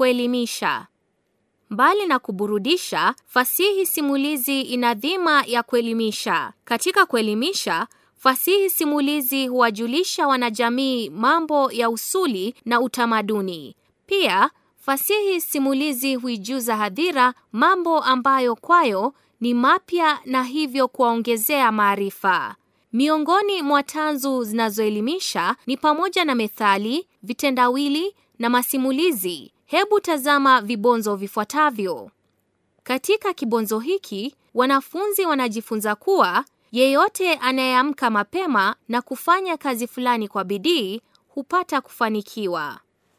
Kuelimisha. Mbali na kuburudisha, fasihi simulizi ina dhima ya kuelimisha. Katika kuelimisha, fasihi simulizi huwajulisha wanajamii mambo ya usuli na utamaduni. Pia, fasihi simulizi huijuza hadhira mambo ambayo kwayo ni mapya na hivyo kuwaongezea maarifa. Miongoni mwa tanzu zinazoelimisha ni pamoja na methali, vitendawili na masimulizi. Hebu tazama vibonzo vifuatavyo. Katika kibonzo hiki, wanafunzi wanajifunza kuwa yeyote anayeamka mapema na kufanya kazi fulani kwa bidii hupata kufanikiwa.